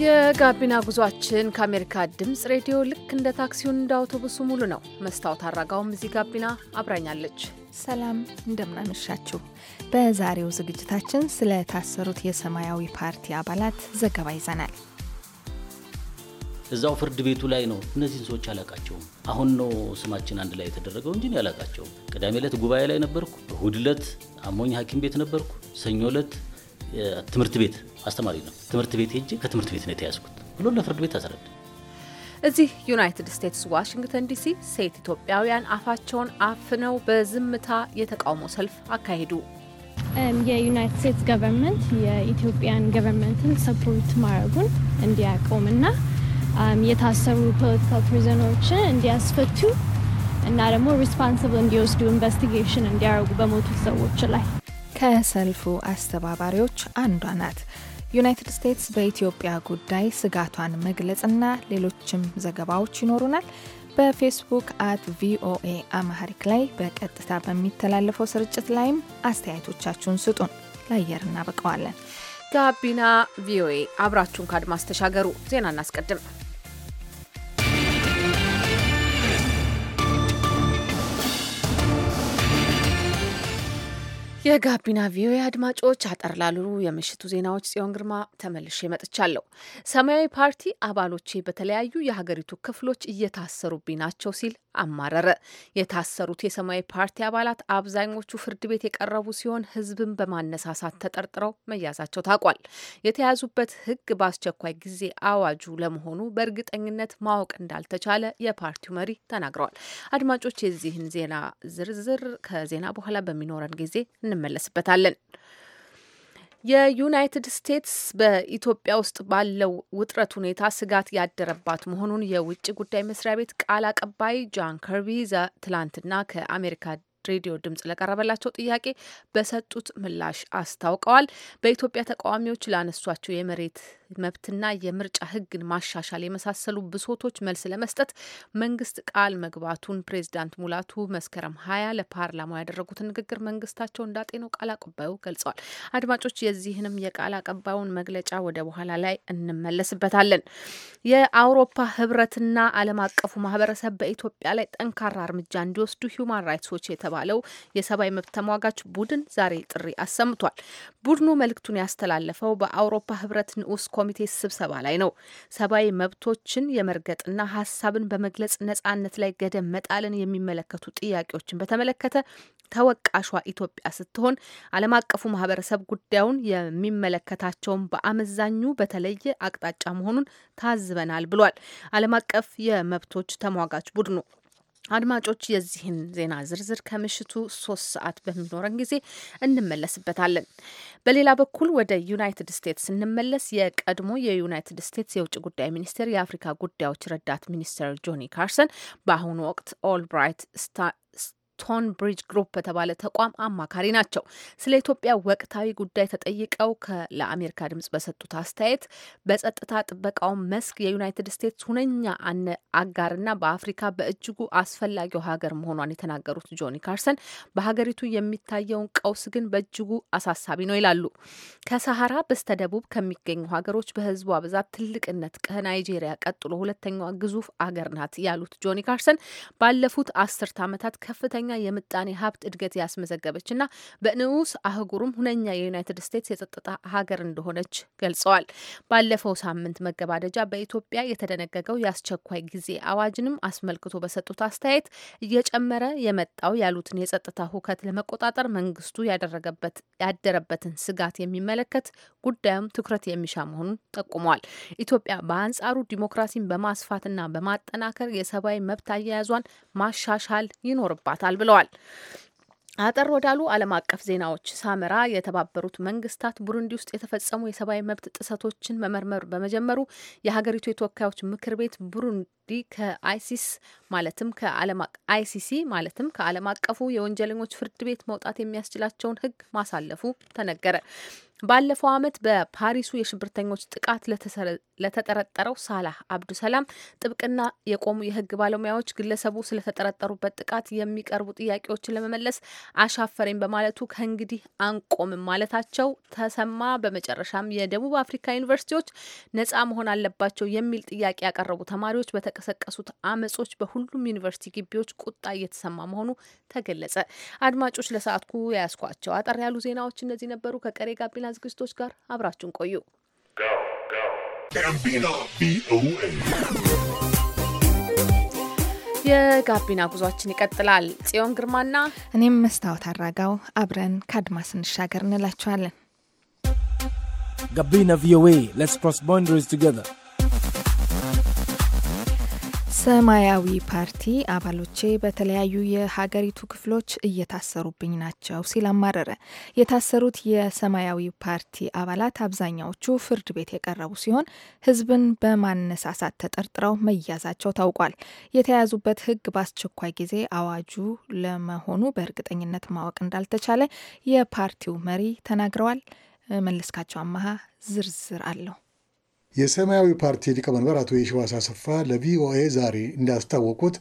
የጋቢና ጉዟችን ከአሜሪካ ድምፅ ሬዲዮ ልክ እንደ ታክሲውን እንደ አውቶቡሱ ሙሉ ነው። መስታወት አራጋውም እዚህ ጋቢና አብራኛለች። ሰላም እንደምናመሻችሁ። በዛሬው ዝግጅታችን ስለታሰሩት የሰማያዊ ፓርቲ አባላት ዘገባ ይዘናል። እዛው ፍርድ ቤቱ ላይ ነው። እነዚህን ሰዎች አላቃቸውም። አሁን ነው ስማችን አንድ ላይ የተደረገው እንጂ ያላቃቸውም። ቅዳሜ ዕለት ጉባኤ ላይ ነበርኩ። እሁድ ዕለት አሞኝ ሐኪም ቤት ነበርኩ። ሰኞ ዕለት ትምህርት ቤት አስተማሪ ነው። ትምህርት ቤት ሄጄ ከትምህርት ቤት ነው የተያዝኩት ብሎ ለፍርድ ቤት አስረዳ። እዚህ ዩናይትድ ስቴትስ ዋሽንግተን ዲሲ ሴት ኢትዮጵያውያን አፋቸውን አፍነው በዝምታ የተቃውሞ ሰልፍ አካሄዱ። um, የዩናይትድ ስቴትስ ገቨርንመንት የኢትዮጵያን ገቨርንመንትን ሰፖርት ማድረጉን እንዲያቆምና um, የታሰሩ ፖለቲካል ፕሪዘኖችን እንዲያስፈቱ እና ደግሞ ሪስፖንስብል እንዲወስዱ ኢንቨስቲጌሽን እንዲያደርጉ በሞቱት ሰዎች ላይ ከሰልፉ አስተባባሪዎች አንዷ ናት። ዩናይትድ ስቴትስ በኢትዮጵያ ጉዳይ ስጋቷን መግለጽና ሌሎችም ዘገባዎች ይኖሩናል። በፌስቡክ አት ቪኦኤ አማሐሪክ ላይ በቀጥታ በሚተላለፈው ስርጭት ላይም አስተያየቶቻችሁን ስጡን። ለአየር እናበቀዋለን። ጋቢና ቪኦኤ አብራችሁን ከአድማስ ተሻገሩ። ዜና እናስቀድም። የጋቢና ቪኦኤ አድማጮች አጠር ላሉ የምሽቱ ዜናዎች ጽዮን ግርማ ተመልሼ መጥቻለሁ። ሰማያዊ ፓርቲ አባሎቼ በተለያዩ የሀገሪቱ ክፍሎች እየታሰሩብኝ ናቸው ሲል አማረረ። የታሰሩት የሰማያዊ ፓርቲ አባላት አብዛኞቹ ፍርድ ቤት የቀረቡ ሲሆን ሕዝብን በማነሳሳት ተጠርጥረው መያዛቸው ታውቋል። የተያዙበት ሕግ በአስቸኳይ ጊዜ አዋጁ ለመሆኑ በእርግጠኝነት ማወቅ እንዳልተቻለ የፓርቲው መሪ ተናግረዋል። አድማጮች የዚህን ዜና ዝርዝር ከዜና በኋላ በሚኖረን ጊዜ እንመለስበታለን። የዩናይትድ ስቴትስ በኢትዮጵያ ውስጥ ባለው ውጥረት ሁኔታ ስጋት ያደረባት መሆኑን የውጭ ጉዳይ መስሪያ ቤት ቃል አቀባይ ጃን ከርቢ ትላንትና ከአሜሪካ ሬዲዮ ድምጽ ለቀረበላቸው ጥያቄ በሰጡት ምላሽ አስታውቀዋል። በኢትዮጵያ ተቃዋሚዎች ላነሷቸው የመሬት መብትና የምርጫ ሕግን ማሻሻል የመሳሰሉ ብሶቶች መልስ ለመስጠት መንግስት ቃል መግባቱን ፕሬዚዳንት ሙላቱ መስከረም ሀያ ለፓርላማው ያደረጉትን ንግግር መንግስታቸው እንዳጤነው ቃል አቀባዩ ገልጸዋል። አድማጮች የዚህንም የቃል አቀባዩን መግለጫ ወደ በኋላ ላይ እንመለስበታለን። የአውሮፓ ህብረትና ዓለም አቀፉ ማህበረሰብ በኢትዮጵያ ላይ ጠንካራ እርምጃ እንዲወስዱ ሂውማን ራይትስ ዎች የተባ የተባለው የሰብአዊ መብት ተሟጋች ቡድን ዛሬ ጥሪ አሰምቷል። ቡድኑ መልእክቱን ያስተላለፈው በአውሮፓ ህብረት ንዑስ ኮሚቴ ስብሰባ ላይ ነው። ሰብአዊ መብቶችን የመርገጥና ሀሳብን በመግለጽ ነጻነት ላይ ገደብ መጣልን የሚመለከቱ ጥያቄዎችን በተመለከተ ተወቃሿ ኢትዮጵያ ስትሆን ዓለም አቀፉ ማህበረሰብ ጉዳዩን የሚመለከታቸውን በአመዛኙ በተለየ አቅጣጫ መሆኑን ታዝበናል ብሏል። ዓለም አቀፍ የመብቶች ተሟጋች ቡድኑ አድማጮች የዚህን ዜና ዝርዝር ከምሽቱ ሶስት ሰዓት በሚኖረን ጊዜ እንመለስበታለን። በሌላ በኩል ወደ ዩናይትድ ስቴትስ ስንመለስ የቀድሞ የዩናይትድ ስቴትስ የውጭ ጉዳይ ሚኒስቴር የአፍሪካ ጉዳዮች ረዳት ሚኒስትር ጆኒ ካርሰን በአሁኑ ወቅት ኦልብራይት ቶን ብሪጅ ግሩፕ በተባለ ተቋም አማካሪ ናቸው። ስለ ኢትዮጵያ ወቅታዊ ጉዳይ ተጠይቀው ለአሜሪካ ድምጽ በሰጡት አስተያየት በጸጥታ ጥበቃው መስክ የዩናይትድ ስቴትስ ሁነኛ አጋርና በአፍሪካ በእጅጉ አስፈላጊው ሀገር መሆኗን የተናገሩት ጆኒ ካርሰን በሀገሪቱ የሚታየውን ቀውስ ግን በእጅጉ አሳሳቢ ነው ይላሉ። ከሰሃራ በስተደቡብ ከሚገኙ ሀገሮች በህዝቧ ብዛት ትልቅነት ከናይጄሪያ ቀጥሎ ሁለተኛዋ ግዙፍ አገር ናት ያሉት ጆኒ ካርሰን ባለፉት አስርት ዓመታት ከፍተኛ ከፍተኛ የምጣኔ ሀብት እድገት ያስመዘገበችና በንዑስ አህጉሩም ሁነኛ የዩናይትድ ስቴትስ የጸጥታ ሀገር እንደሆነች ገልጸዋል። ባለፈው ሳምንት መገባደጃ በኢትዮጵያ የተደነገገው የአስቸኳይ ጊዜ አዋጅንም አስመልክቶ በሰጡት አስተያየት እየጨመረ የመጣው ያሉትን የጸጥታ ሁከት ለመቆጣጠር መንግስቱ ያደረገበት ያደረበትን ስጋት የሚመለከት ጉዳዩም ትኩረት የሚሻ መሆኑን ጠቁመዋል። ኢትዮጵያ በአንጻሩ ዲሞክራሲን በማስፋትና በማጠናከር የሰብአዊ መብት አያያዟን ማሻሻል ይኖርባታል ተገኝተዋል ብለዋል። አጠር ወዳሉ ዓለም አቀፍ ዜናዎች ሳመራ የተባበሩት መንግስታት ቡሩንዲ ውስጥ የተፈጸሙ የሰብአዊ መብት ጥሰቶችን መመርመር በመጀመሩ የሀገሪቱ የተወካዮች ምክር ቤት ቡሩንዲ ከአይሲስ ማለትም ከአይሲሲ ማለትም ከዓለም አቀፉ የወንጀለኞች ፍርድ ቤት መውጣት የሚያስችላቸውን ሕግ ማሳለፉ ተነገረ። ባለፈው ዓመት በፓሪሱ የሽብርተኞች ጥቃት ለተጠረጠረው ሳላህ አብዱ ሰላም ጥብቅና የቆሙ የህግ ባለሙያዎች ግለሰቡ ስለተጠረጠሩበት ጥቃት የሚቀርቡ ጥያቄዎችን ለመመለስ አሻፈረኝ በማለቱ ከእንግዲህ አንቆምም ማለታቸው ተሰማ። በመጨረሻም የደቡብ አፍሪካ ዩኒቨርሲቲዎች ነጻ መሆን አለባቸው የሚል ጥያቄ ያቀረቡ ተማሪዎች በተቀሰቀሱት አመጾች በሁሉም ዩኒቨርሲቲ ግቢዎች ቁጣ እየተሰማ መሆኑ ተገለጸ። አድማጮች ለሰዓትኩ ያያስኳቸው አጠር ያሉ ዜናዎች እነዚህ ነበሩ። ከቀሬ ጋቢና ከሌላ ዝግጅቶች ጋር አብራችሁን ቆዩ። የጋቢና ጉዟችን ይቀጥላል። ጽዮን ግርማና እኔም መስታወት አራጋው አብረን ከአድማስ እንሻገር እንላችኋለን። ጋቢና ቪኦኤ ሌትስ ክሮስ ባውንደሪስ ቱጌዘር ሰማያዊ ፓርቲ አባሎቼ በተለያዩ የሀገሪቱ ክፍሎች እየታሰሩብኝ ናቸው ሲል አማረረ። የታሰሩት የሰማያዊ ፓርቲ አባላት አብዛኛዎቹ ፍርድ ቤት የቀረቡ ሲሆን ሕዝብን በማነሳሳት ተጠርጥረው መያዛቸው ታውቋል። የተያዙበት ሕግ በአስቸኳይ ጊዜ አዋጁ ለመሆኑ በእርግጠኝነት ማወቅ እንዳልተቻለ የፓርቲው መሪ ተናግረዋል። መለስካቸው አመሀ ዝርዝር አለው። የሰማያዊ ፓርቲ ሊቀመንበር አቶ የሸዋሳ አሰፋ ለቪኦኤ ዛሬ እንዳስታወቁት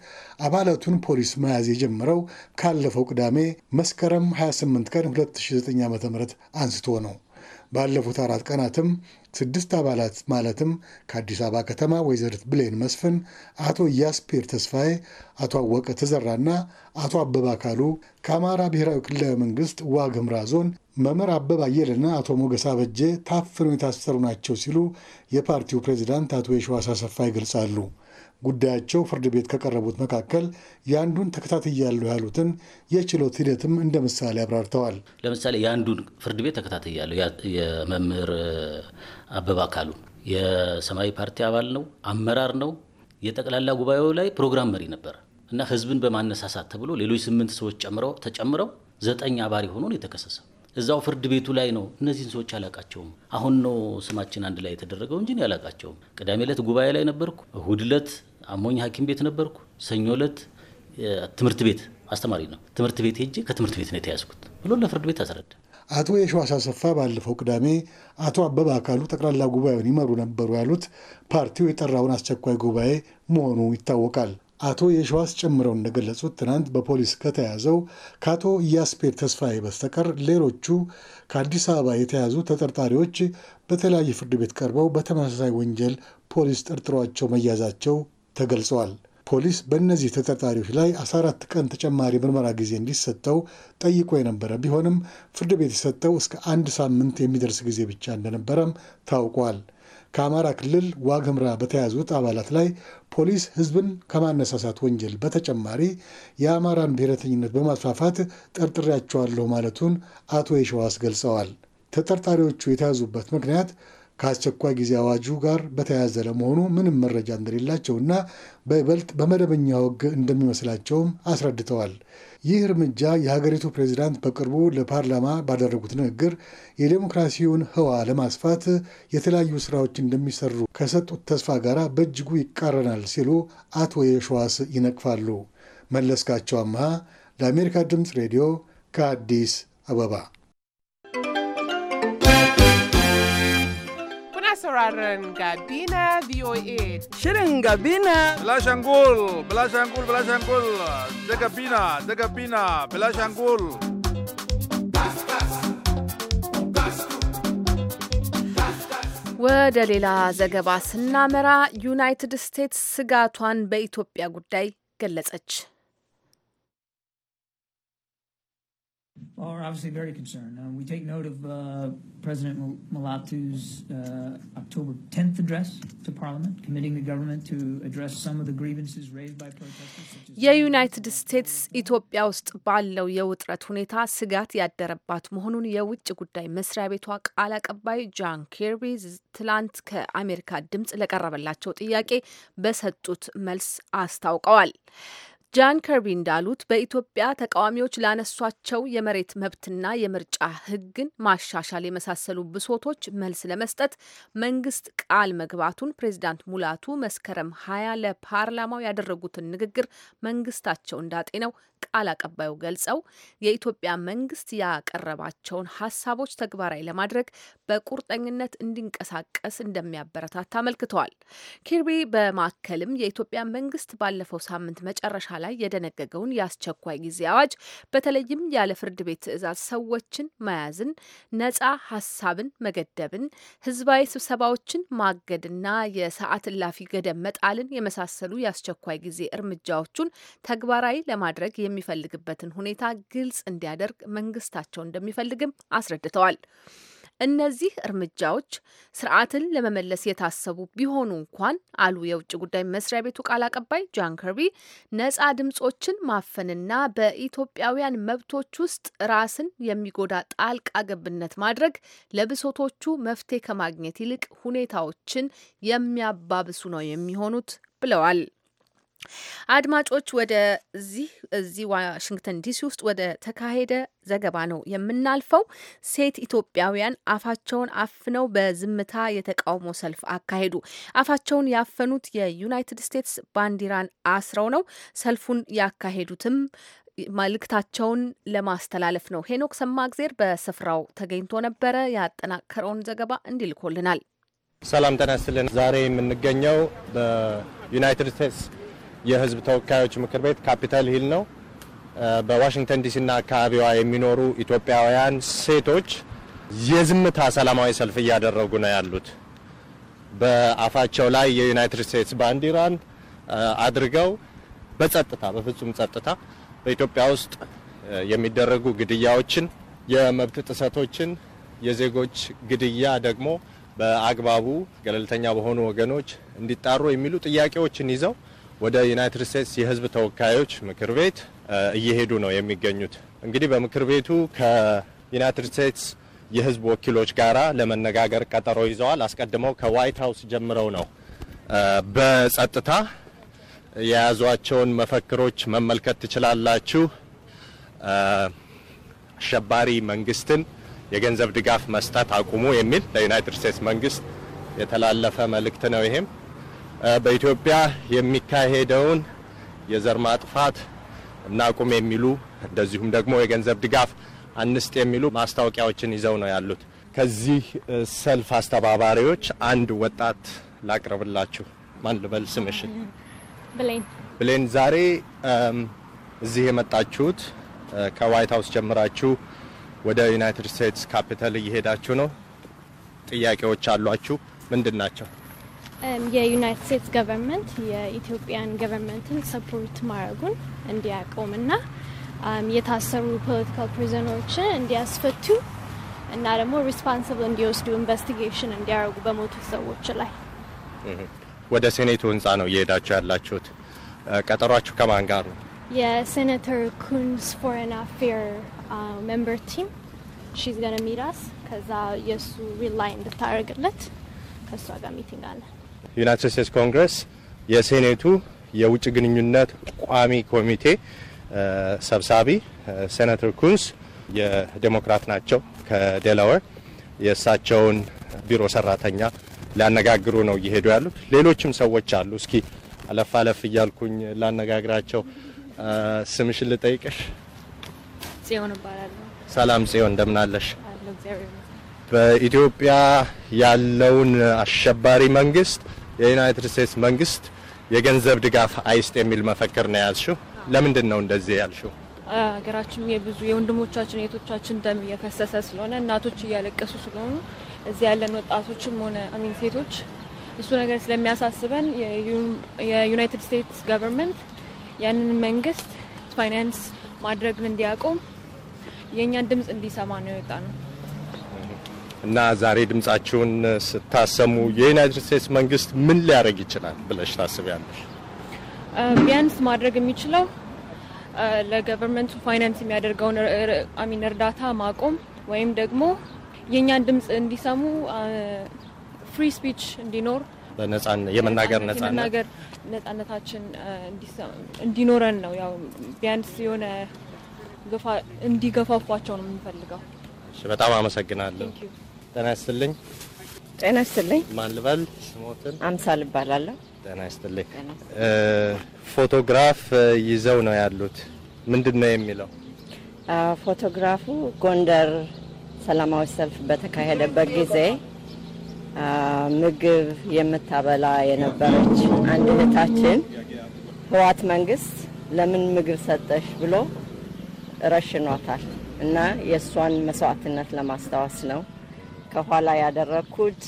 አባላቱን ፖሊስ መያዝ የጀመረው ካለፈው ቅዳሜ መስከረም 28 ቀን 2009 ዓ.ም አንስቶ ነው። ባለፉት አራት ቀናትም ስድስት አባላት ማለትም ከአዲስ አበባ ከተማ ወይዘሪት ብሌን መስፍን፣ አቶ ያስፔር ተስፋዬ፣ አቶ አወቀ ተዘራና አቶ አበባ ካሉ ከአማራ ብሔራዊ ክልላዊ መንግስት ዋግ ኽምራ ዞን መምህር አበባ አየለና አቶ ሞገስ አበጀ ታፍነው የታሰሩ ናቸው ሲሉ የፓርቲው ፕሬዚዳንት አቶ የሸዋስ አሰፋ ይገልጻሉ። ጉዳያቸው ፍርድ ቤት ከቀረቡት መካከል የአንዱን ተከታትያለሁ ያሉትን የችሎት ሂደትም እንደ ምሳሌ አብራርተዋል። ለምሳሌ የአንዱን ፍርድ ቤት ተከታትያለሁ የመምህር አበባ አካሉ የሰማያዊ ፓርቲ አባል ነው፣ አመራር ነው። የጠቅላላ ጉባኤው ላይ ፕሮግራም መሪ ነበር እና ህዝብን በማነሳሳት ተብሎ ሌሎች ስምንት ሰዎች ጨምረው ተጨምረው ዘጠኝ አባሪ ሆኖ ነው የተከሰሰው። እዛው ፍርድ ቤቱ ላይ ነው። እነዚህን ሰዎች አላቃቸውም። አሁን ነው ስማችን አንድ ላይ የተደረገው እንጂ አላቃቸውም። ቅዳሜ ዕለት ጉባኤ ላይ ነበርኩ። እሁድ ዕለት አሞኝ ሐኪም ቤት ነበርኩ። ሰኞ ዕለት ትምህርት ቤት አስተማሪ ነው ትምህርት ቤት ሄጄ ከትምህርት ቤት ነው የተያዝኩት ብሎ ለፍርድ ቤት አስረዳ። አቶ የሸዋስ አሰፋ ባለፈው ቅዳሜ አቶ አበበ አካሉ ጠቅላላ ጉባኤውን ይመሩ ነበሩ ያሉት ፓርቲው የጠራውን አስቸኳይ ጉባኤ መሆኑ ይታወቃል። አቶ የሸዋስ ጨምረው እንደገለጹት ትናንት በፖሊስ ከተያዘው ከአቶ እያስፔር ተስፋዬ በስተቀር ሌሎቹ ከአዲስ አበባ የተያዙ ተጠርጣሪዎች በተለያየ ፍርድ ቤት ቀርበው በተመሳሳይ ወንጀል ፖሊስ ጠርጥሯቸው መያዛቸው ተገልጸዋል። ፖሊስ በእነዚህ ተጠርጣሪዎች ላይ 14 ቀን ተጨማሪ ምርመራ ጊዜ እንዲሰጠው ጠይቆ የነበረ ቢሆንም ፍርድ ቤት የሰጠው እስከ አንድ ሳምንት የሚደርስ ጊዜ ብቻ እንደነበረም ታውቋል። ከአማራ ክልል ዋግ ህምራ በተያዙት አባላት ላይ ፖሊስ ህዝብን ከማነሳሳት ወንጀል በተጨማሪ የአማራን ብሔረተኝነት በማስፋፋት ጠርጥሬያቸዋለሁ ማለቱን አቶ የሸዋስ ገልጸዋል። ተጠርጣሪዎቹ የተያዙበት ምክንያት ከአስቸኳይ ጊዜ አዋጁ ጋር በተያያዘ ለመሆኑ ምንም መረጃ እንደሌላቸውና በይበልጥ በመደበኛ ወግ እንደሚመስላቸውም አስረድተዋል። ይህ እርምጃ የሀገሪቱ ፕሬዚዳንት በቅርቡ ለፓርላማ ባደረጉት ንግግር የዴሞክራሲውን ህዋ ለማስፋት የተለያዩ ስራዎች እንደሚሰሩ ከሰጡት ተስፋ ጋር በእጅጉ ይቃረናል ሲሉ አቶ የሸዋስ ይነቅፋሉ። መለስካቸው አምሃ ለአሜሪካ ድምፅ ሬዲዮ ከአዲስ አበባ sauraron Gabina VOA. Shirin Gabina. Bilashangul, Bilashangul, Bilashangul, da Gabina, da Gabina, Bilashangul. ወደ ሌላ ዘገባ ስናመራ ዩናይትድ ስቴትስ ስጋቷን በኢትዮጵያ ጉዳይ ገለጸች። are obviously very concerned. Uh, we take note of uh, President Malatu's uh, October 10th address to Parliament, committing the government to address some of the grievances raised by protesters. የዩናይትድ ስቴትስ ኢትዮጵያ ውስጥ ባለው የውጥረት ሁኔታ ስጋት ያደረባት መሆኑን የውጭ ጉዳይ መስሪያ ቤቷ ቃል አቀባይ ጃን ኬርቢ ትላንት ከአሜሪካ ድምፅ ለቀረበላቸው ጥያቄ በሰጡት መልስ አስታውቀዋል። ጃን ከርቢ እንዳሉት በኢትዮጵያ ተቃዋሚዎች ላነሷቸው የመሬት መብትና የምርጫ ሕግን ማሻሻል የመሳሰሉ ብሶቶች መልስ ለመስጠት መንግስት ቃል መግባቱን ፕሬዚዳንት ሙላቱ መስከረም ሀያ ለፓርላማው ያደረጉትን ንግግር መንግስታቸው እንዳጤነው ቃል አቀባዩ ገልጸው የኢትዮጵያ መንግስት ያቀረባቸውን ሀሳቦች ተግባራዊ ለማድረግ በቁርጠኝነት እንዲንቀሳቀስ እንደሚያበረታታ አመልክተዋል። ኪርቢ በማከልም የኢትዮጵያ መንግስት ባለፈው ሳምንት መጨረሻ ላይ የደነገገውን የአስቸኳይ ጊዜ አዋጅ በተለይም ያለ ፍርድ ቤት ትዕዛዝ ሰዎችን መያዝን፣ ነጻ ሀሳብን መገደብን፣ ህዝባዊ ስብሰባዎችን ማገድና የሰዓት እላፊ ገደብ መጣልን የመሳሰሉ የአስቸኳይ ጊዜ እርምጃዎቹን ተግባራዊ ለማድረግ የሚፈልግበትን ሁኔታ ግልጽ እንዲያደርግ መንግስታቸው እንደሚፈልግም አስረድተዋል። እነዚህ እርምጃዎች ስርዓትን ለመመለስ የታሰቡ ቢሆኑ እንኳን አሉ የውጭ ጉዳይ መስሪያ ቤቱ ቃል አቀባይ ጃን ከርቢ፣ ነጻ ድምጾችን ማፈንና በኢትዮጵያውያን መብቶች ውስጥ ራስን የሚጎዳ ጣልቃ ገብነት ማድረግ ለብሶቶቹ መፍትሄ ከማግኘት ይልቅ ሁኔታዎችን የሚያባብሱ ነው የሚሆኑት ብለዋል። አድማጮች ወደዚህ እዚህ ዋሽንግተን ዲሲ ውስጥ ወደ ተካሄደ ዘገባ ነው የምናልፈው። ሴት ኢትዮጵያውያን አፋቸውን አፍነው በዝምታ የተቃውሞ ሰልፍ አካሄዱ። አፋቸውን ያፈኑት የዩናይትድ ስቴትስ ባንዲራን አስረው ነው። ሰልፉን ያካሄዱትም መልእክታቸውን ለማስተላለፍ ነው። ሄኖክ ሰማእግዜር በስፍራው ተገኝቶ ነበረ። ያጠናከረውን ዘገባ እንዲልኮልናል። ሰላም ጤና ይስጥልን። ዛሬ የምንገኘው በዩናይትድ ስቴትስ የህዝብ ተወካዮች ምክር ቤት ካፒታል ሂል ነው። በዋሽንግተን ዲሲና አካባቢዋ የሚኖሩ ኢትዮጵያውያን ሴቶች የዝምታ ሰላማዊ ሰልፍ እያደረጉ ነው ያሉት። በአፋቸው ላይ የዩናይትድ ስቴትስ ባንዲራን አድርገው በጸጥታ በፍጹም ጸጥታ በኢትዮጵያ ውስጥ የሚደረጉ ግድያዎችን፣ የመብት ጥሰቶችን፣ የዜጎች ግድያ ደግሞ በአግባቡ ገለልተኛ በሆኑ ወገኖች እንዲጣሩ የሚሉ ጥያቄዎችን ይዘው ወደ ዩናይትድ ስቴትስ የህዝብ ተወካዮች ምክር ቤት እየሄዱ ነው የሚገኙት። እንግዲህ በምክር ቤቱ ከዩናይትድ ስቴትስ የህዝብ ወኪሎች ጋር ለመነጋገር ቀጠሮ ይዘዋል። አስቀድመው ከዋይት ሀውስ ጀምረው ነው በጸጥታ የያዟቸውን መፈክሮች መመልከት ትችላላችሁ። አሸባሪ መንግስትን የገንዘብ ድጋፍ መስጠት አቁሙ የሚል ለዩናይትድ ስቴትስ መንግስት የተላለፈ መልእክት ነው ይሄም በኢትዮጵያ የሚካሄደውን የዘር ማጥፋት እናቁም የሚሉ እንደዚሁም ደግሞ የገንዘብ ድጋፍ አንስጥ የሚሉ ማስታወቂያዎችን ይዘው ነው ያሉት። ከዚህ ሰልፍ አስተባባሪዎች አንድ ወጣት ላቅርብላችሁ። ማን ልበል ስምሽን? ብሌን። ብሌን ዛሬ እዚህ የመጣችሁት ከዋይት ሀውስ ጀምራችሁ ወደ ዩናይትድ ስቴትስ ካፒታል እየሄዳችሁ ነው። ጥያቄዎች አሏችሁ፣ ምንድን ናቸው? Um, የዩናይትድ ስቴትስ ገቨርንመንት የኢትዮጵያን ገቨርንመንትን ሰፖርት ማድረጉን እንዲያቆምና um, የታሰሩ ፖለቲካል ፕሪዘኖችን እንዲያስፈቱ እና ደግሞ ሪስፖንስብል እንዲወስዱ ኢንቨስቲጌሽን እንዲያደርጉ በሞቱ ሰዎች ላይ። ወደ ሴኔቱ ህንፃ ነው እየሄዳችሁ ያላችሁት። uh, ቀጠሯችሁ ከማን ጋር ነው? የሴኔተር ኩንስ ፎሬን አፌር ሜምበር ቲም ሺዝ ገነ ሚራስ ከዛ የእሱ ሪል ላይ እንድታደርግለት ከእሷ ጋር ሚቲንግ አለን። ዩናይትድ ስቴትስ ኮንግረስ የሴኔቱ የውጭ ግንኙነት ቋሚ ኮሚቴ ሰብሳቢ ሴናተር ኩንስ የዴሞክራት ናቸው ከዴላወር የእሳቸውን ቢሮ ሰራተኛ ሊያነጋግሩ ነው እየሄዱ ያሉት። ሌሎችም ሰዎች አሉ። እስኪ አለፍ አለፍ እያልኩኝ ላነጋግራቸው። ስምሽን ልጠይቅሽ? ጽዮን እባላለሁ። ሰላም ጽዮን፣ እንደምናለሽ? በኢትዮጵያ ያለውን አሸባሪ መንግስት የዩናይትድ ስቴትስ መንግስት የገንዘብ ድጋፍ አይስጥ የሚል መፈክር ነው ያልሽው። ለምንድን ነው እንደዚህ ያልሽው? ሀገራችን የብዙ የወንድሞቻችን የቶቻችን ደም እየፈሰሰ ስለሆነ እናቶች እያለቀሱ ስለሆኑ እዚህ ያለን ወጣቶችም ሆነ አሚን ሴቶች እሱ ነገር ስለሚያሳስበን የዩናይትድ ስቴትስ ገቨርንመንት ያንን መንግስት ፋይናንስ ማድረግን እንዲያቆም የእኛን ድምፅ እንዲሰማ ነው የወጣ ነው። እና ዛሬ ድምጻችሁን ስታሰሙ የዩናይትድ ስቴትስ መንግስት ምን ሊያደርግ ይችላል ብለሽ ታስቢያለሽ? ቢያንስ ማድረግ የሚችለው ለገቨርንመንቱ ፋይናንስ የሚያደርገውን አሚን እርዳታ ማቆም ወይም ደግሞ የእኛን ድምጽ እንዲሰሙ ፍሪ ስፒች እንዲኖር የመናገር ነጻነታችን እንዲኖረን ነው። ያው ቢያንስ የሆነ እንዲገፋፏቸው ነው የምንፈልገው። በጣም አመሰግናለሁ። ጤና ይስጥልኝ። ጤና ይስጥልኝ። ማን ልበል? ስሞትን? አምሳል እባላለሁ። ጤና ይስጥልኝ። ፎቶግራፍ ይዘው ነው ያሉት። ምንድን ነው የሚለው ፎቶግራፉ? ጎንደር ሰላማዊ ሰልፍ በተካሄደበት ጊዜ ምግብ የምታበላ የነበረች አንድ እህታችን ህዋት መንግስት ለምን ምግብ ሰጠሽ ብሎ ረሽኗታል እና የእሷን መስዋዕትነት ለማስታወስ ነው። ከኋላ ያደረግኩት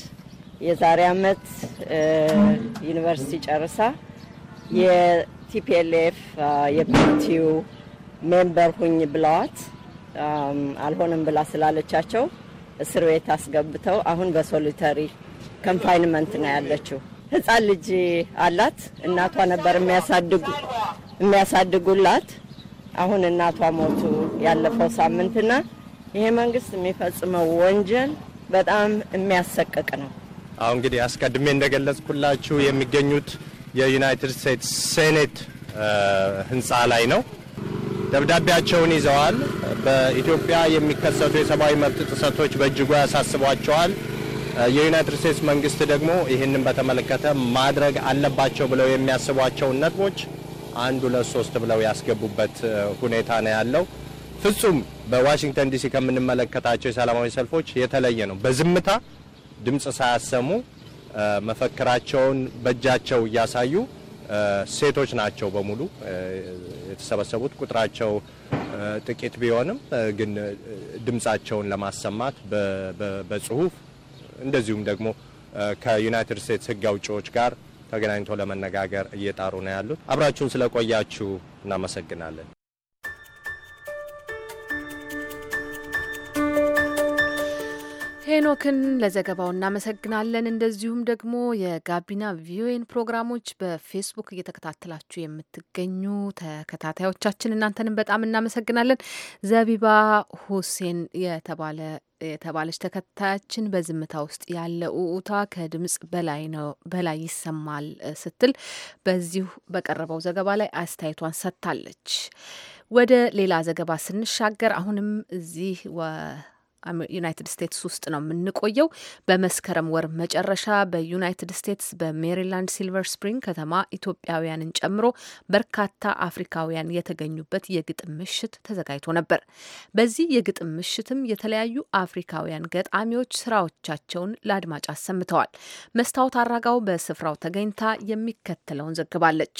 የዛሬ አመት ዩኒቨርሲቲ ጨርሳ የቲፒኤልኤፍ የፓርቲው ሜምበር ሁኝ ብለዋት አልሆንም ብላ ስላለቻቸው እስር ቤት አስገብተው አሁን በሶሊተሪ ኮንፋይንመንት ነው ያለችው። ህፃን ልጅ አላት። እናቷ ነበር የሚያሳድጉላት። አሁን እናቷ ሞቱ ያለፈው ሳምንትና ይሄ መንግስት የሚፈጽመው ወንጀል በጣም የሚያሰቅቅ ነው። አሁን እንግዲህ አስቀድሜ እንደገለጽኩላችሁ የሚገኙት የዩናይትድ ስቴትስ ሴኔት ህንፃ ላይ ነው። ደብዳቤያቸውን ይዘዋል። በኢትዮጵያ የሚከሰቱ የሰብአዊ መብት ጥሰቶች በእጅጉ ያሳስቧቸዋል። የዩናይትድ ስቴትስ መንግስት ደግሞ ይህንን በተመለከተ ማድረግ አለባቸው ብለው የሚያስቧቸውን ነጥቦች አንዱ ለሶስት ሶስት ብለው ያስገቡበት ሁኔታ ነው ያለው ፍጹም በዋሽንግተን ዲሲ ከምንመለከታቸው የሰላማዊ ሰልፎች የተለየ ነው። በዝምታ ድምፅ ሳያሰሙ መፈክራቸውን በእጃቸው እያሳዩ ሴቶች ናቸው በሙሉ የተሰበሰቡት። ቁጥራቸው ጥቂት ቢሆንም ግን ድምፃቸውን ለማሰማት በጽሁፍ እንደዚሁም ደግሞ ከዩናይትድ ስቴትስ ሕግ አውጪዎች ጋር ተገናኝቶ ለመነጋገር እየጣሩ ነው ያሉት። አብራችሁን ስለቆያችሁ እናመሰግናለን። ሄኖክን ለዘገባው እናመሰግናለን። እንደዚሁም ደግሞ የጋቢና ቪኦኤን ፕሮግራሞች በፌስቡክ እየተከታተላችሁ የምትገኙ ተከታታዮቻችን እናንተንም በጣም እናመሰግናለን። ዘቢባ ሁሴን የተባለ የተባለች ተከታያችን በዝምታ ውስጥ ያለ ውታ ከድምጽ በላይ ነው በላይ ይሰማል ስትል በዚሁ በቀረበው ዘገባ ላይ አስተያየቷን ሰጥታለች። ወደ ሌላ ዘገባ ስንሻገር አሁንም እዚህ ዩናይትድ ስቴትስ ውስጥ ነው የምንቆየው። በመስከረም ወር መጨረሻ በዩናይትድ ስቴትስ በሜሪላንድ ሲልቨር ስፕሪንግ ከተማ ኢትዮጵያውያንን ጨምሮ በርካታ አፍሪካውያን የተገኙበት የግጥም ምሽት ተዘጋጅቶ ነበር። በዚህ የግጥም ምሽትም የተለያዩ አፍሪካውያን ገጣሚዎች ስራዎቻቸውን ለአድማጭ አሰምተዋል። መስታወት አራጋው በስፍራው ተገኝታ የሚከተለውን ዘግባለች።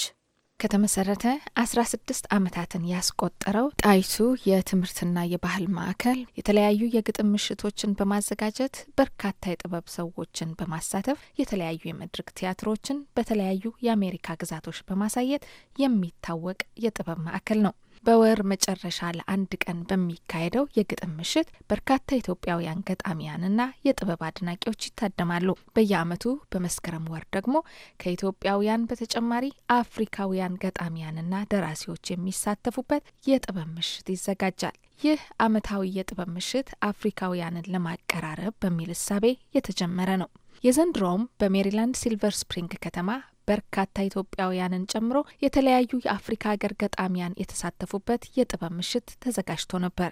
ከተመሰረተ 16 ዓመታትን ያስቆጠረው ጣይቱ የትምህርትና የባህል ማዕከል የተለያዩ የግጥም ምሽቶችን በማዘጋጀት በርካታ የጥበብ ሰዎችን በማሳተፍ የተለያዩ የመድረክ ቲያትሮችን በተለያዩ የአሜሪካ ግዛቶች በማሳየት የሚታወቅ የጥበብ ማዕከል ነው። በወር መጨረሻ ለአንድ ቀን በሚካሄደው የግጥም ምሽት በርካታ ኢትዮጵያውያን ገጣሚያንና የጥበብ አድናቂዎች ይታደማሉ። በየዓመቱ በመስከረም ወር ደግሞ ከኢትዮጵያውያን በተጨማሪ አፍሪካውያን ገጣሚያንና ደራሲዎች የሚሳተፉበት የጥበብ ምሽት ይዘጋጃል። ይህ ዓመታዊ የጥበብ ምሽት አፍሪካውያንን ለማቀራረብ በሚል እሳቤ የተጀመረ ነው። የዘንድሮውም በሜሪላንድ ሲልቨር ስፕሪንግ ከተማ በርካታ ኢትዮጵያውያንን ጨምሮ የተለያዩ የአፍሪካ ሀገር ገጣሚያን የተሳተፉበት የጥበብ ምሽት ተዘጋጅቶ ነበር።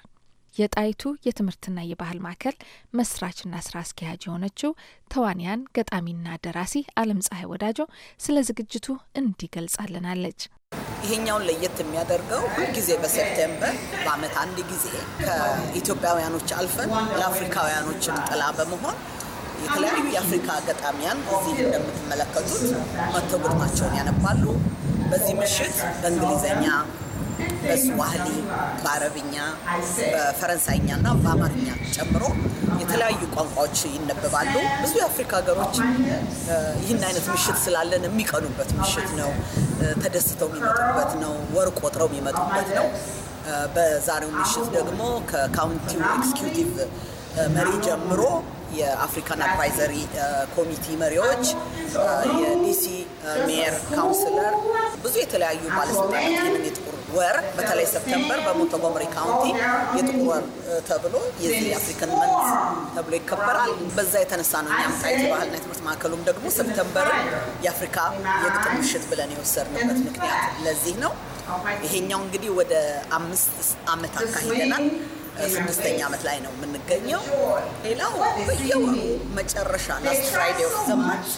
የጣይቱ የትምህርትና የባህል ማዕከል መስራችና ስራ አስኪያጅ የሆነችው ተዋንያን ገጣሚና ደራሲ አለም ፀሐይ ወዳጆ ስለ ዝግጅቱ እንዲህ ገልጻልናለች። ይሄኛውን ለየት የሚያደርገው ሁልጊዜ በሴፕቴምበር በአመት አንድ ጊዜ ከኢትዮጵያውያኖች አልፈን የአፍሪካውያኖችን ጥላ በመሆን የተለያዩ የአፍሪካ ገጣሚያን እዚህ እንደምትመለከቱት መጥተው ግጥማቸውን ያነባሉ። በዚህ ምሽት በእንግሊዝኛ፣ በስዋህሊ፣ በአረብኛ፣ በፈረንሳይኛ እና በአማርኛ ጨምሮ የተለያዩ ቋንቋዎች ይነበባሉ። ብዙ የአፍሪካ ሀገሮች ይህን አይነት ምሽት ስላለን የሚቀኑበት ምሽት ነው። ተደስተው የሚመጡበት ነው። ወር ቆጥረው የሚመጡበት ነው። በዛሬው ምሽት ደግሞ ከካውንቲው ኤክስኪዩቲቭ መሪ ጀምሮ የአፍሪካን አድቫይዘሪ ኮሚቲ መሪዎች፣ የዲሲ ሜየር፣ ካውንስለር ብዙ የተለያዩ ባለስልጣናት ይህንን የጥቁር ወር በተለይ ሰፕተምበር በሞንተጎመሪ ካውንቲ የጥቁር ወር ተብሎ የዚህ አፍሪካን መንት ተብሎ ይከበራል። በዛ የተነሳ ነው እኛም ጣይቱ ባህልና የትምህርት ማዕከሉም ደግሞ ሰፕተምበር የአፍሪካ የግጥም ምሽት ብለን የወሰድንበት ምክንያት ለዚህ ነው። ይሄኛው እንግዲህ ወደ አምስት ዓመት አካሂደናል። ስድስተኛ ዓመት ላይ ነው የምንገኘው። ሌላው በየወሩ መጨረሻ ላስት ፍራይዴ ኦፍ ዘ ማንዝ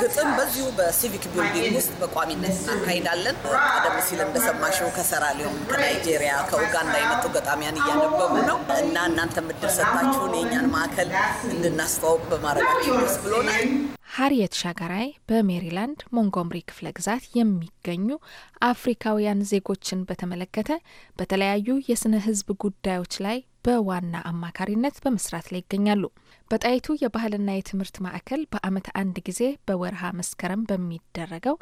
ግጥም በዚሁ በሲቪክ ቢልዲንግ ውስጥ በቋሚነት እናካሂዳለን። ቀደም ሲል እንደሰማሽው ከሰራሊዮን፣ ከናይጄሪያ፣ ከኡጋንዳ የመጡ ገጣሚያን እያነበቡ ነው እና እናንተ ምድር ሰጣችሁን የእኛን ማዕከል እንድናስተዋውቅ በማድረጋችሁ ደስ ብሎናል። ሀሪየት ሻጋራይ በሜሪላንድ ሞንጎምሪ ክፍለ ግዛት የሚገኙ አፍሪካውያን ዜጎችን በተመለከተ በተለያዩ የስነ ህዝብ ጉዳዮች ላይ በዋና አማካሪነት በመስራት ላይ ይገኛሉ። በጣይቱ የባህልና የትምህርት ማዕከል በአመት አንድ ጊዜ በወርሃ መስከረም በሚደረገው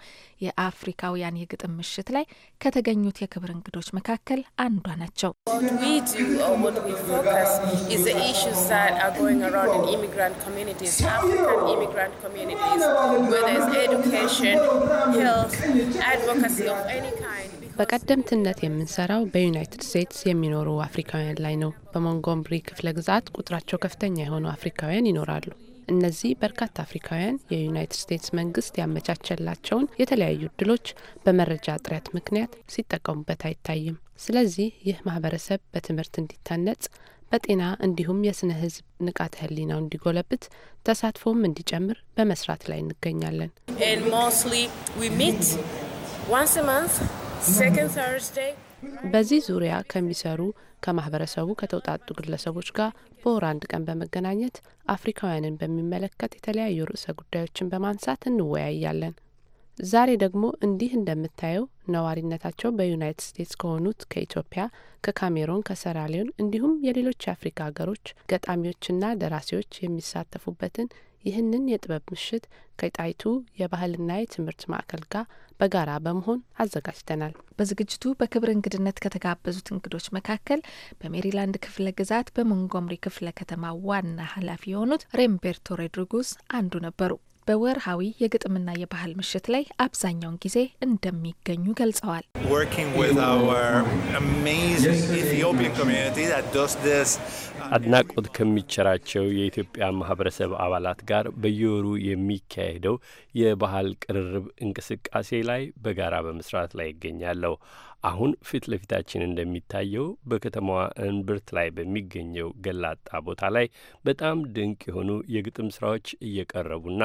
የአፍሪካውያን የግጥም ምሽት ላይ ከተገኙት የክብር እንግዶች መካከል አንዷ ናቸው። በቀደምትነት የምንሰራው በዩናይትድ ስቴትስ የሚኖሩ አፍሪካውያን ላይ ነው። በሞንጎምሪ ክፍለ ግዛት ቁጥራቸው ከፍተኛ የሆኑ አፍሪካውያን ይኖራሉ። እነዚህ በርካታ አፍሪካውያን የዩናይትድ ስቴትስ መንግስት ያመቻቸላቸውን የተለያዩ እድሎች በመረጃ እጥረት ምክንያት ሲጠቀሙበት አይታይም። ስለዚህ ይህ ማህበረሰብ በትምህርት እንዲታነጽ፣ በጤና እንዲሁም የስነ ህዝብ ንቃተ ህሊናው እንዲጎለብት፣ ተሳትፎም እንዲጨምር በመስራት ላይ እንገኛለን። በዚህ ዙሪያ ከሚሰሩ ከማህበረሰቡ ከተውጣጡ ግለሰቦች ጋር በወር አንድ ቀን በመገናኘት አፍሪካውያንን በሚመለከት የተለያዩ ርዕሰ ጉዳዮችን በማንሳት እንወያያለን። ዛሬ ደግሞ እንዲህ እንደምታየው ነዋሪነታቸው በዩናይትድ ስቴትስ ከሆኑት ከኢትዮጵያ፣ ከካሜሮን፣ ከሰራሊዮን እንዲሁም የሌሎች የአፍሪካ ሀገሮች ገጣሚዎችና ደራሲዎች የሚሳተፉበትን ይህንን የጥበብ ምሽት ከጣይቱ የባህልና የትምህርት ማዕከል ጋር በጋራ በመሆን አዘጋጅተናል። በዝግጅቱ በክብር እንግድነት ከተጋበዙት እንግዶች መካከል በሜሪላንድ ክፍለ ግዛት በሞንጎምሪ ክፍለ ከተማ ዋና ኃላፊ የሆኑት ሬምቤርቶ ሮድሪጉስ አንዱ ነበሩ። በወርሃዊ የግጥምና የባህል ምሽት ላይ አብዛኛውን ጊዜ እንደሚገኙ ገልጸዋል። uh, አድናቆት ከሚቸራቸው የኢትዮጵያ ማህበረሰብ አባላት ጋር በየወሩ የሚካሄደው የባህል ቅርርብ እንቅስቃሴ ላይ በጋራ በመስራት ላይ ይገኛለሁ። አሁን ፊት ለፊታችን እንደሚታየው በከተማዋ እንብርት ላይ በሚገኘው ገላጣ ቦታ ላይ በጣም ድንቅ የሆኑ የግጥም ስራዎች እየቀረቡና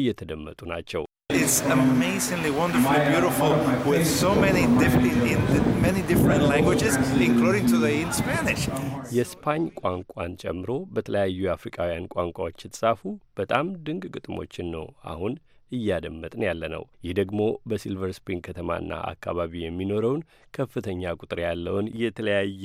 እየተደመጡ ናቸው። የስፓኝ ቋንቋን ጨምሮ በተለያዩ የአፍሪካውያን ቋንቋዎች የተጻፉ በጣም ድንቅ ግጥሞችን ነው አሁን እያደመጥን ያለ ነው። ይህ ደግሞ በሲልቨር ስፕሪንግ ከተማና አካባቢ የሚኖረውን ከፍተኛ ቁጥር ያለውን የተለያየ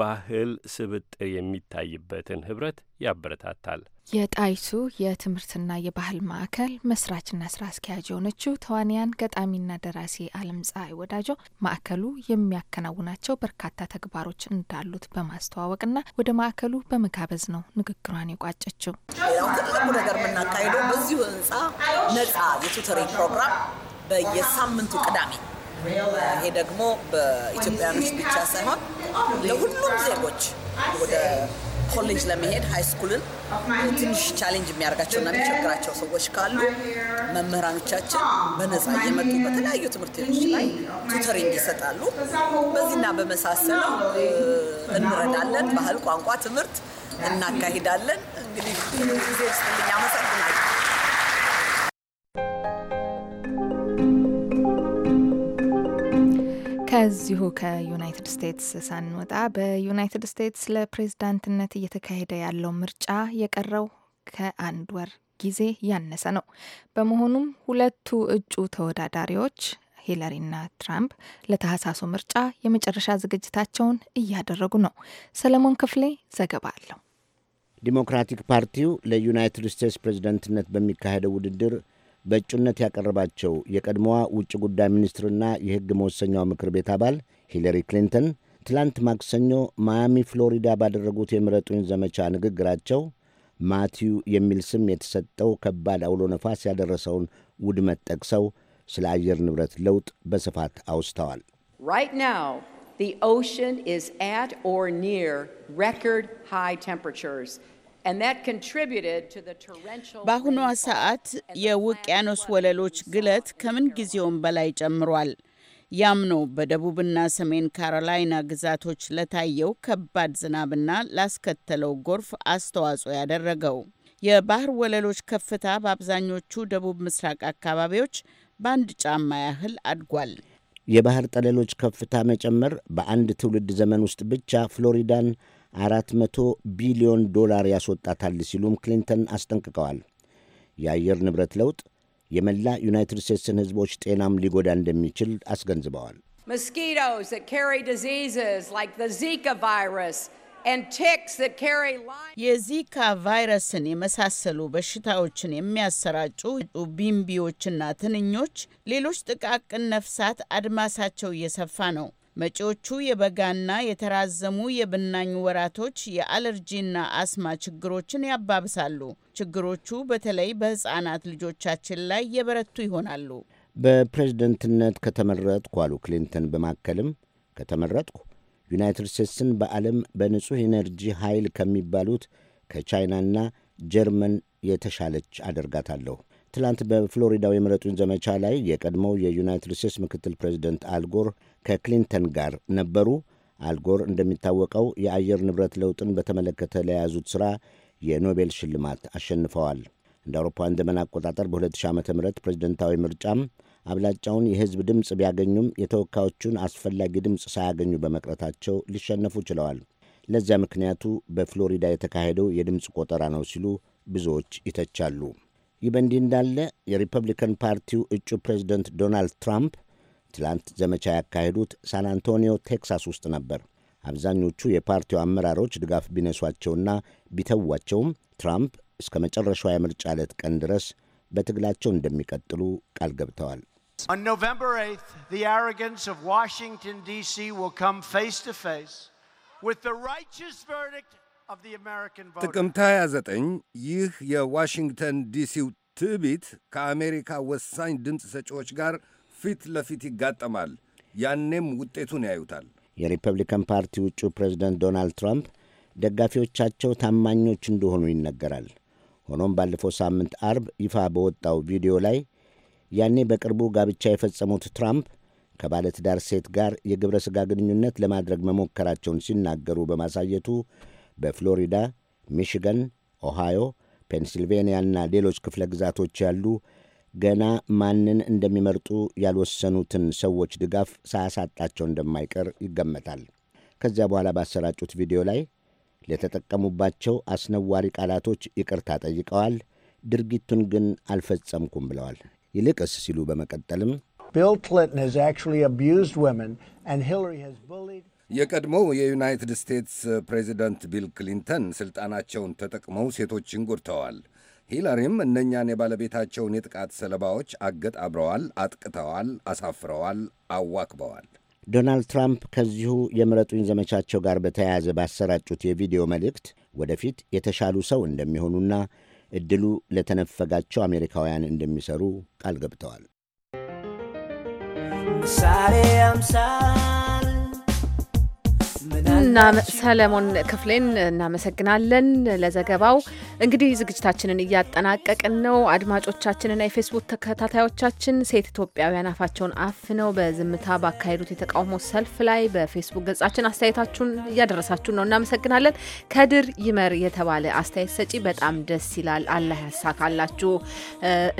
ባህል ስብጥር የሚታይበትን ህብረት ያበረታታል። የጣይቱ የትምህርትና የባህል ማዕከል መስራችና ስራ አስኪያጅ የሆነችው ተዋንያን ገጣሚና ደራሲ አለም ፀሐይ ወዳጆ ማዕከሉ የሚያከናውናቸው በርካታ ተግባሮች እንዳሉት በማስተዋወቅና ወደ ማዕከሉ በመጋበዝ ነው ንግግሯን የቋጨችው። ትልቁ ነገር የምናካሄደው በዚሁ ህንፃ ነጻ የቱተሪ ፕሮግራም በየሳምንቱ ቅዳሜ ይሄ ደግሞ በኢትዮጵያኖች ብቻ ሳይሆን ለሁሉም ዜጎች ወደ ኮሌጅ ለመሄድ ሀይ ስኩልን ትንሽ ቻሌንጅ የሚያደርጋቸውና የሚቸግራቸው ሰዎች ካሉ መምህራኖቻችን በነፃ እየመጡ በተለያዩ ትምህርት ቤቶች ላይ ቱተሪንግ ይሰጣሉ። በዚህና በመሳሰለው እንረዳለን። ባህል፣ ቋንቋ፣ ትምህርት እናካሂዳለን። እንግዲህ ጊዜ ስጥልኝ። አመሰግናለሁ። ከዚሁ ከዩናይትድ ስቴትስ ሳንወጣ በዩናይትድ ስቴትስ ለፕሬዝዳንትነት እየተካሄደ ያለው ምርጫ የቀረው ከአንድ ወር ጊዜ ያነሰ ነው። በመሆኑም ሁለቱ እጩ ተወዳዳሪዎች ሂለሪና ትራምፕ ለታህሳሱ ምርጫ የመጨረሻ ዝግጅታቸውን እያደረጉ ነው። ሰለሞን ክፍሌ ዘገባ አለው። ዲሞክራቲክ ፓርቲው ለዩናይትድ ስቴትስ ፕሬዝዳንትነት በሚካሄደው ውድድር በእጩነት ያቀረባቸው የቀድሞዋ ውጭ ጉዳይ ሚኒስትርና የሕግ መወሰኛው ምክር ቤት አባል ሂለሪ ክሊንተን ትላንት ማክሰኞ ማያሚ ፍሎሪዳ ባደረጉት የምረጡኝ ዘመቻ ንግግራቸው ማቲዩ የሚል ስም የተሰጠው ከባድ አውሎ ነፋስ ያደረሰውን ውድመት ጠቅሰው ስለ አየር ንብረት ለውጥ በስፋት አውስተዋል። ኦሽን ኢዝ አት ኦር ኒር ሬኮርድ ሃይ ቴምፐሬቸርስ በአሁኗ ሰዓት የውቅያኖስ ወለሎች ግለት ከምን ጊዜውም በላይ ጨምሯል። ያም ነው በደቡብና ሰሜን ካሮላይና ግዛቶች ለታየው ከባድ ዝናብና ላስከተለው ጎርፍ አስተዋጽኦ ያደረገው። የባህር ወለሎች ከፍታ በአብዛኞቹ ደቡብ ምስራቅ አካባቢዎች በአንድ ጫማ ያህል አድጓል። የባህር ጠለሎች ከፍታ መጨመር በአንድ ትውልድ ዘመን ውስጥ ብቻ ፍሎሪዳን 400 ቢሊዮን ዶላር ያስወጣታል ሲሉም ክሊንተን አስጠንቅቀዋል። የአየር ንብረት ለውጥ የመላ ዩናይትድ ስቴትስን ሕዝቦች ጤናም ሊጎዳ እንደሚችል አስገንዝበዋል። የዚካ ቫይረስን የመሳሰሉ በሽታዎችን የሚያሰራጩ ቢምቢዎችና ትንኞች፣ ሌሎች ጥቃቅን ነፍሳት አድማሳቸው እየሰፋ ነው። መጪዎቹ የበጋና የተራዘሙ የብናኝ ወራቶች የአለርጂና አስማ ችግሮችን ያባብሳሉ። ችግሮቹ በተለይ በሕፃናት ልጆቻችን ላይ የበረቱ ይሆናሉ። በፕሬዝደንትነት ከተመረጥኩ አሉ ክሊንተን በማከልም ከተመረጥኩ ዩናይትድ ስቴትስን በዓለም በንጹሕ ኤነርጂ ኃይል ከሚባሉት ከቻይናና ጀርመን የተሻለች አደርጋታለሁ። ትላንት በፍሎሪዳው የምረጡኝ ዘመቻ ላይ የቀድሞው የዩናይትድ ስቴትስ ምክትል ፕሬዚደንት አልጎር ከክሊንተን ጋር ነበሩ። አልጎር እንደሚታወቀው የአየር ንብረት ለውጥን በተመለከተ ለያዙት ሥራ የኖቤል ሽልማት አሸንፈዋል። እንደ አውሮፓውያን ዘመን አቆጣጠር በ2000 ዓ ም ፕሬዝደንታዊ ምርጫም አብላጫውን የሕዝብ ድምፅ ቢያገኙም የተወካዮቹን አስፈላጊ ድምፅ ሳያገኙ በመቅረታቸው ሊሸነፉ ችለዋል። ለዚያ ምክንያቱ በፍሎሪዳ የተካሄደው የድምፅ ቆጠራ ነው ሲሉ ብዙዎች ይተቻሉ። ይህ በእንዲህ እንዳለ የሪፐብሊካን ፓርቲው እጩ ፕሬዝደንት ዶናልድ ትራምፕ ትላንት ዘመቻ ያካሄዱት ሳን አንቶኒዮ ቴክሳስ ውስጥ ነበር። አብዛኞቹ የፓርቲው አመራሮች ድጋፍ ቢነሷቸውና ቢተዋቸውም ትራምፕ እስከ መጨረሻው የምርጫ ዕለት ቀን ድረስ በትግላቸው እንደሚቀጥሉ ቃል ገብተዋል። ጥቅምት 29 ይህ የዋሽንግተን ዲሲው ትዕቢት ከአሜሪካ ወሳኝ ድምፅ ሰጪዎች ጋር ፊት ለፊት ይጋጠማል። ያኔም ውጤቱን ያዩታል። የሪፐብሊካን ፓርቲ ውጩ ፕሬዝደንት ዶናልድ ትራምፕ ደጋፊዎቻቸው ታማኞች እንደሆኑ ይነገራል። ሆኖም ባለፈው ሳምንት አርብ ይፋ በወጣው ቪዲዮ ላይ ያኔ በቅርቡ ጋብቻ የፈጸሙት ትራምፕ ከባለትዳር ሴት ጋር የግብረ ሥጋ ግንኙነት ለማድረግ መሞከራቸውን ሲናገሩ በማሳየቱ በፍሎሪዳ፣ ሚሽገን፣ ኦሃዮ፣ ፔንሲልቬንያና ሌሎች ክፍለ ግዛቶች ያሉ ገና ማንን እንደሚመርጡ ያልወሰኑትን ሰዎች ድጋፍ ሳያሳጣቸው እንደማይቀር ይገመታል። ከዚያ በኋላ ባሰራጩት ቪዲዮ ላይ ለተጠቀሙባቸው አስነዋሪ ቃላቶች ይቅርታ ጠይቀዋል። ድርጊቱን ግን አልፈጸምኩም ብለዋል። ይልቅስ ሲሉ በመቀጠልም የቀድሞው የዩናይትድ ስቴትስ ፕሬዚደንት ቢል ክሊንተን ስልጣናቸውን ተጠቅመው ሴቶችን ጎድተዋል። ሂለሪም እነኛን የባለቤታቸውን የጥቃት ሰለባዎች አገጣብረዋል፣ አጥቅተዋል፣ አሳፍረዋል፣ አዋክበዋል። ዶናልድ ትራምፕ ከዚሁ የምረጡኝ ዘመቻቸው ጋር በተያያዘ ባሰራጩት የቪዲዮ መልእክት ወደፊት የተሻሉ ሰው እንደሚሆኑና እድሉ ለተነፈጋቸው አሜሪካውያን እንደሚሰሩ ቃል ገብተዋል። ሰለሞን ክፍሌን እናመሰግናለን ለዘገባው። እንግዲህ ዝግጅታችንን እያጠናቀቅን ነው። አድማጮቻችንና የፌስቡክ ተከታታዮቻችን ሴት ኢትዮጵያውያን አፋቸውን አፍነው በዝምታ ባካሄዱት የተቃውሞ ሰልፍ ላይ በፌስቡክ ገጻችን አስተያየታችሁን እያደረሳችሁን ነው። እናመሰግናለን። ከድር ይመር የተባለ አስተያየት ሰጪ በጣም ደስ ይላል፣ አላህ ያሳካላችሁ፣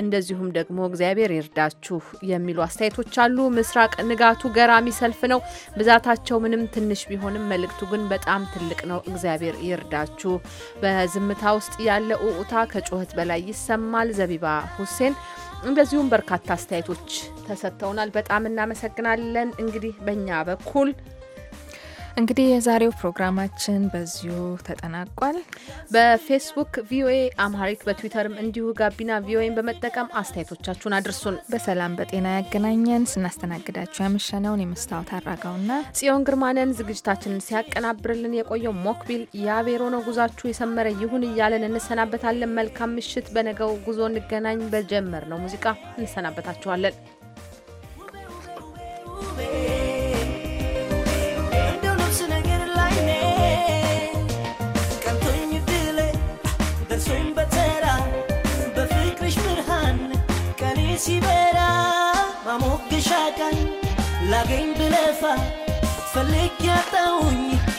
እንደዚሁም ደግሞ እግዚአብሔር ይርዳችሁ የሚሉ አስተያየቶች አሉ። ምስራቅ ንጋቱ ገራሚ ሰልፍ ነው። ብዛታቸው ምንም ትንሽ ቢሆንም መልእክት መልእክቱ ግን በጣም ትልቅ ነው። እግዚአብሔር ይርዳችሁ። በዝምታ ውስጥ ያለ ኡኡታ ከጩኸት በላይ ይሰማል። ዘቢባ ሁሴን እንደዚሁም በርካታ አስተያየቶች ተሰጥተውናል። በጣም እናመሰግናለን። እንግዲህ በእኛ በኩል እንግዲህ የዛሬው ፕሮግራማችን በዚሁ ተጠናቋል። በፌስቡክ ቪኦኤ አምሃሪክ፣ በትዊተርም እንዲሁ ጋቢና ቪኦኤን በመጠቀም አስተያየቶቻችሁን አድርሱን። በሰላም በጤና ያገናኘን። ስናስተናግዳችሁ ያመሸነውን የመስታወት አራጋውና ጽዮን ግርማንን ዝግጅታችንን ሲያቀናብርልን የቆየው ሞክቢል ያቤሮ ነው። ጉዟችሁ የሰመረ ይሁን እያለን እንሰናበታለን። መልካም ምሽት። በነገው ጉዞ እንገናኝ። በጀመር ነው ሙዚቃ እንሰናበታችኋለን። Sibera, vamos que chacan, la game de que